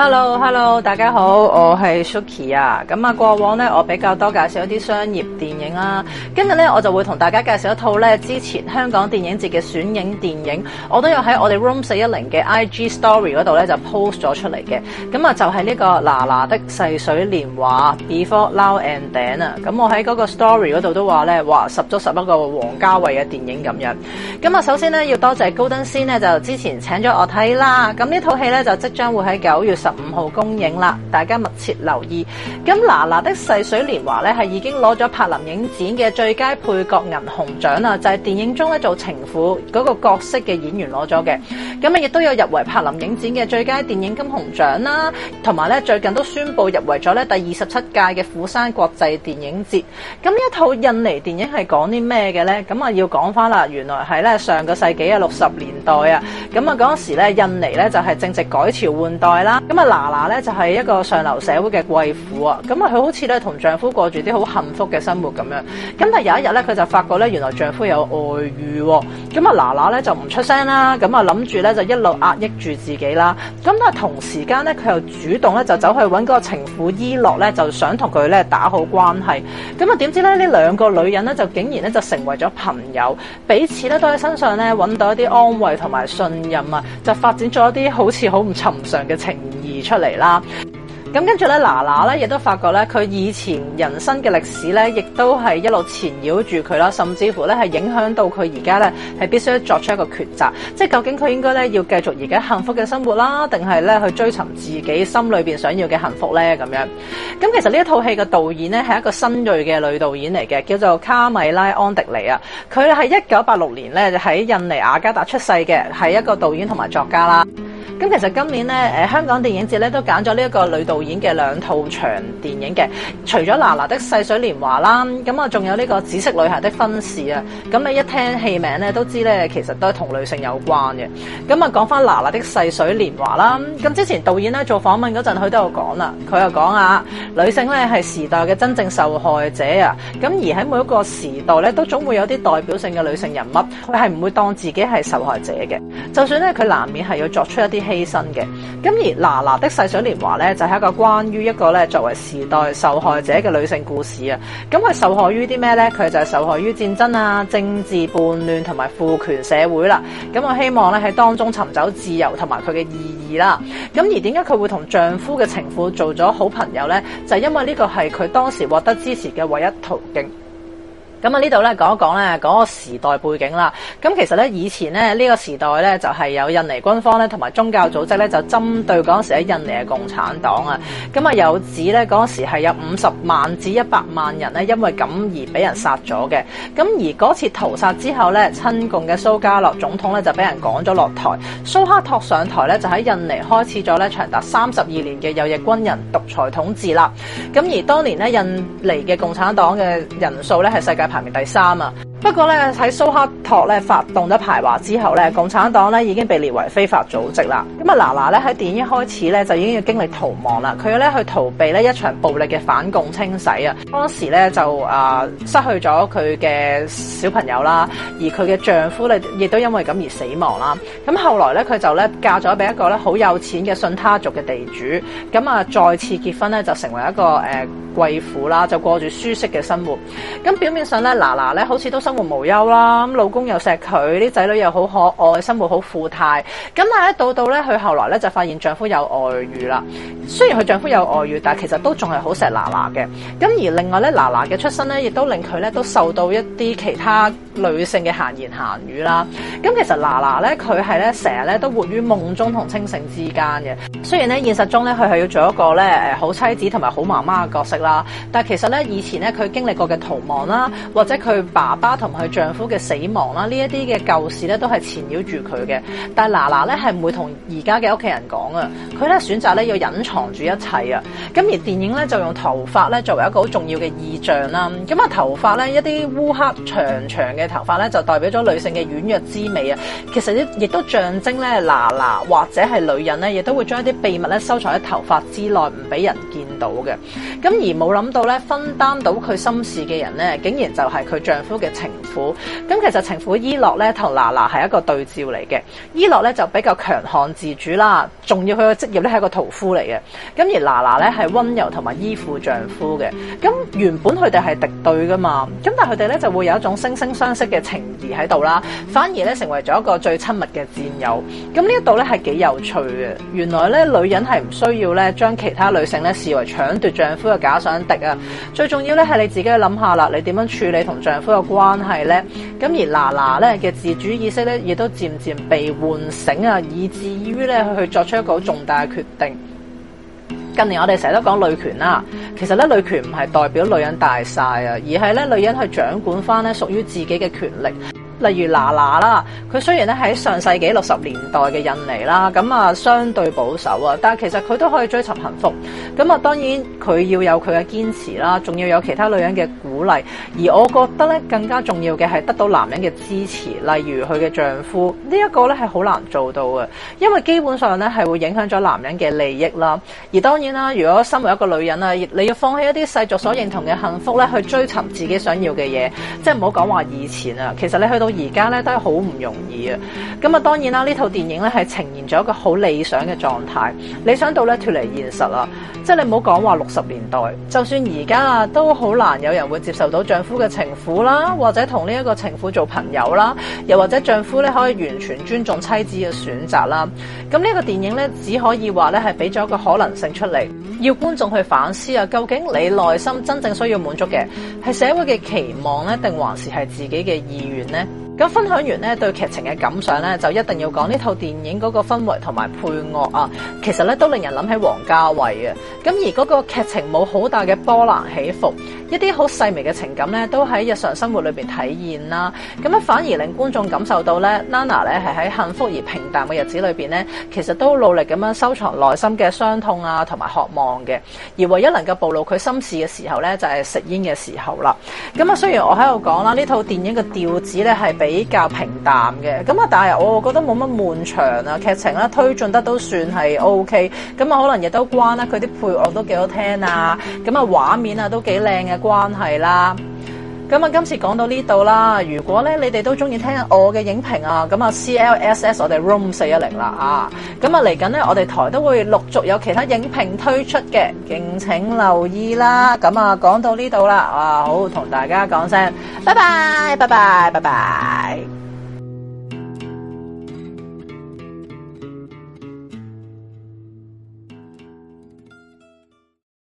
Hello，Hello，hello, 大家好，我係 Suki 啊。咁啊，過往咧我比較多介紹一啲商業電影啦、啊。今日咧我就會同大家介紹一套咧之前香港電影節嘅選影電影，我都有喺我哋 Room 四一零嘅 IG Story 嗰度咧就 post 咗出嚟嘅。咁啊，就係呢、這個《娜娜的逝水年華》Before Now and Then 啊。咁我喺嗰個 Story 嗰度都話咧，哇十足十一個王家衛嘅電影咁樣。咁啊，首先咧要多謝 Golden Scene 咧就之前請咗我睇啦。咁呢套戲咧就即將會喺九月十。五號公映啦，大家密切留意。咁娜娜的《逝水年華》咧係已經攞咗柏林影展嘅最佳配角銀熊獎啦，就係電影中咧做情婦嗰個角色嘅演員攞咗嘅。咁啊亦都有入圍柏林影展嘅最佳電影金熊獎啦，同埋咧最近都宣布入圍咗咧第二十七屆嘅釜山國際電影節。咁呢一套印尼電影係講啲咩嘅呢？咁啊要講翻啦，原來係咧上個世紀啊六十年代啊，咁啊嗰陣時咧，印尼咧就係正值改朝換代啦。咁啊，娜娜咧就係一個上流社會嘅貴婦啊。咁啊，佢好似咧同丈夫過住啲好幸福嘅生活咁樣。咁但係有一日咧，佢就發覺咧，原來丈夫有外遇喎。咁啊，娜娜咧就唔出聲啦。咁啊，諗住咧就一路壓抑住自己啦。咁啊，同時間咧佢又主動咧就走去搵嗰個情婦伊諾咧，就想同佢咧打好關係。咁啊，點知咧呢兩個女人咧就竟然咧就成為咗朋友，彼此咧都喺身上咧揾到一啲安慰。同埋信任啊，就發展咗一啲好似好唔尋常嘅情誼出嚟啦。咁跟住咧，娜嗱娜娜咧，亦都發覺咧，佢以前人生嘅歷史咧，亦都係一路纏繞住佢啦，甚至乎咧係影響到佢而家咧，係必須作出一個抉擇，即係究竟佢應該咧要繼續而家幸福嘅生活啦，定係咧去追尋自己心裏面想要嘅幸福咧咁樣。咁其實呢一套戲嘅導演咧係一個新鋭嘅女導演嚟嘅，叫做卡米拉安迪尼啊。佢係一九八六年咧就喺印尼雅加達出世嘅，係一個導演同埋作家啦。咁其實今年咧，香港電影節咧都揀咗呢一個女導演嘅兩套長電影嘅，除咗《娜娜的逝水年華》啦，咁啊仲有呢個《紫色女孩的婚事》啊。咁你一聽戲名咧，都知咧其實都係同女性有關嘅。咁啊講返《娜娜的逝水年華》啦，咁之前導演咧做訪問嗰陣，佢都有講啦，佢又講啊，女性咧係時代嘅真正受害者啊。咁而喺每一個時代咧，都總會有啲代表性嘅女性人物，佢係唔會當自己係受害者嘅，就算咧佢難免係要作出一啲犧牲嘅，咁而《娜娜的逝水年華》咧就係、是、一個關於一個咧作為時代受害者嘅女性故事啊，咁佢受害於啲咩咧？佢就係受害於戰爭啊、政治叛亂同埋父權社會啦。咁我希望咧喺當中尋找自由同埋佢嘅意義啦。咁而點解佢會同丈夫嘅情婦做咗好朋友咧？就是、因為呢個係佢當時獲得支持嘅唯一途徑。咁啊呢度咧講一講咧嗰個時代背景啦。咁其實咧以前咧呢個時代咧就係有印尼軍方咧同埋宗教組織咧就針對嗰時喺印尼嘅共產黨啊。咁啊有指咧嗰時係有五十萬至一百萬人咧因為咁而俾人殺咗嘅。咁而嗰次屠殺之後咧親共嘅蘇加諾總統咧就俾人趕咗落台。蘇哈托上台咧就喺印尼開始咗咧長達三十二年嘅右翼軍人獨裁統治啦。咁而當年咧印尼嘅共產黨嘅人數咧係世界。排名第三啊！不過咧，喺蘇哈托咧發動咗排華之後咧，共產黨咧已經被列為非法組織啦。咁啊，娜娜咧喺電影一開始咧就已經要經歷逃亡啦。佢咧去逃避咧一場暴力嘅反共清洗啊。當時咧就啊、呃、失去咗佢嘅小朋友啦，而佢嘅丈夫咧亦都因為咁而死亡啦。咁後來咧佢就咧嫁咗俾一個咧好有錢嘅信他族嘅地主，咁啊再次結婚咧就成為一個、呃、貴婦啦，就過住舒適嘅生活。咁表面上咧娜娜咧好似都生活無憂啦，咁老公又錫佢，啲仔女又好可愛，生活好富態。咁但係一到到咧，佢後來咧就發現丈夫有外遇啦。雖然佢丈夫有外遇，但係其實都仲係好錫娜娜嘅。咁而另外咧，娜娜嘅出身咧，亦都令佢咧都受到一啲其他，女性嘅閒言閒語啦，咁其實娜娜咧，佢係咧成日咧都活於夢中同清醒之間嘅。雖然咧現實中咧佢係要做一個咧誒好妻子同埋好媽媽嘅角色啦，但係其實咧以前咧佢經歷過嘅逃亡啦，或者佢爸爸同埋佢丈夫嘅死亡啦，呢一啲嘅舊事咧都係纏繞住佢嘅。但係娜娜咧係唔會同而家嘅屋企人講啊，佢咧選擇咧要隱藏住一切啊。咁而電影咧就用頭髮咧作為一個好重要嘅意象啦。咁啊頭髮咧一啲烏黑長長嘅。頭髮咧就代表咗女性嘅軟弱之美啊，其實咧亦都象徵咧娜娜或者係女人咧，亦都會將一啲秘密咧收藏喺頭髮之內，唔俾人見。到嘅，咁而冇諗到咧，分擔到佢心事嘅人咧，竟然就係佢丈夫嘅情婦。咁其實情婦伊洛咧同娜娜係一個對照嚟嘅。伊洛咧就比較強悍自主啦，仲要佢嘅職業咧係一個屠夫嚟嘅。咁而娜娜咧係溫柔同埋依附丈夫嘅。咁原本佢哋係敵對噶嘛，咁但係佢哋咧就會有一種惺惺相惜嘅情誼喺度啦，反而咧成為咗一個最親密嘅戰友。咁呢一度咧係幾有趣嘅，原來咧女人係唔需要咧將其他女性咧視為。搶奪丈夫嘅假想敵啊！最重要咧係你自己去諗下啦，你點樣處理同丈夫嘅關係呢？咁而娜娜咧嘅自主意識咧，亦都漸漸被喚醒啊，以至於咧去作出一個好重大嘅決定。近年我哋成日都講女權啦，其實咧女權唔係代表女人大晒啊，而係咧女人去掌管翻咧屬於自己嘅權力。例如娜娜啦，佢雖然咧喺上世紀六十年代嘅印尼啦，咁啊相對保守啊，但係其實佢都可以追尋幸福。咁啊，當然佢要有佢嘅堅持啦，仲要有其他女人嘅鼓勵，而我覺得咧，更加重要嘅係得到男人嘅支持，例如佢嘅丈夫。呢一個咧係好難做到嘅，因為基本上咧係會影響咗男人嘅利益啦。而當然啦，如果身為一個女人啊，你要放棄一啲世俗所認同嘅幸福咧，去追尋自己想要嘅嘢，即係唔好講話以前啊，其實你去到。而家咧都係好唔容易啊！咁啊，當然啦，呢套電影咧係呈現咗一個好理想嘅狀態，理想到咧脫離現實啦。即係你唔好講話六十年代，就算而家啊，都好難有人會接受到丈夫嘅情婦啦，或者同呢一個情婦做朋友啦，又或者丈夫咧可以完全尊重妻子嘅選擇啦。咁呢個電影咧，只可以話咧係俾咗一個可能性出嚟，要觀眾去反思啊！究竟你內心真正需要滿足嘅係社會嘅期望咧，定還是係自己嘅意願呢？咁分享完呢對劇情嘅感想呢，就一定要講呢套電影嗰個氛圍同埋配樂啊。其實呢都令人諗起王家衞嘅。咁而嗰個劇情冇好大嘅波瀾起伏，一啲好細微嘅情感呢都喺日常生活裏面體現啦。咁反而令觀眾感受到娜娜呢係喺幸福而平淡嘅日子裏邊呢，其實都努力咁樣收藏內心嘅傷痛啊，同埋渴望嘅。而唯一能夠暴露佢心事嘅時候呢，就係、是、食煙嘅時候啦。咁啊，雖然我喺度講啦，呢套電影嘅調子係被比較平淡嘅，咁啊，但係我覺得冇乜悶場啊，劇情咧推進得都算係 OK，咁啊，可能亦都關啦，佢啲配樂都幾好聽啊，咁啊，畫面啊都幾靚嘅關係啦。咁啊，今次講到呢度啦。如果咧你哋都中意聽下我嘅影評啊，咁啊 CLSS 我哋 Room 四一零啦啊。咁啊，嚟緊咧我哋台都會陸續有其他影評推出嘅，敬請留意啦。咁啊，講到呢度啦，啊好，同大家講聲，拜拜，拜拜，拜拜。